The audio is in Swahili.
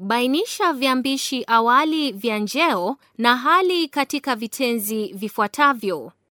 Bainisha viambishi awali vya njeo na hali katika vitenzi vifuatavyo.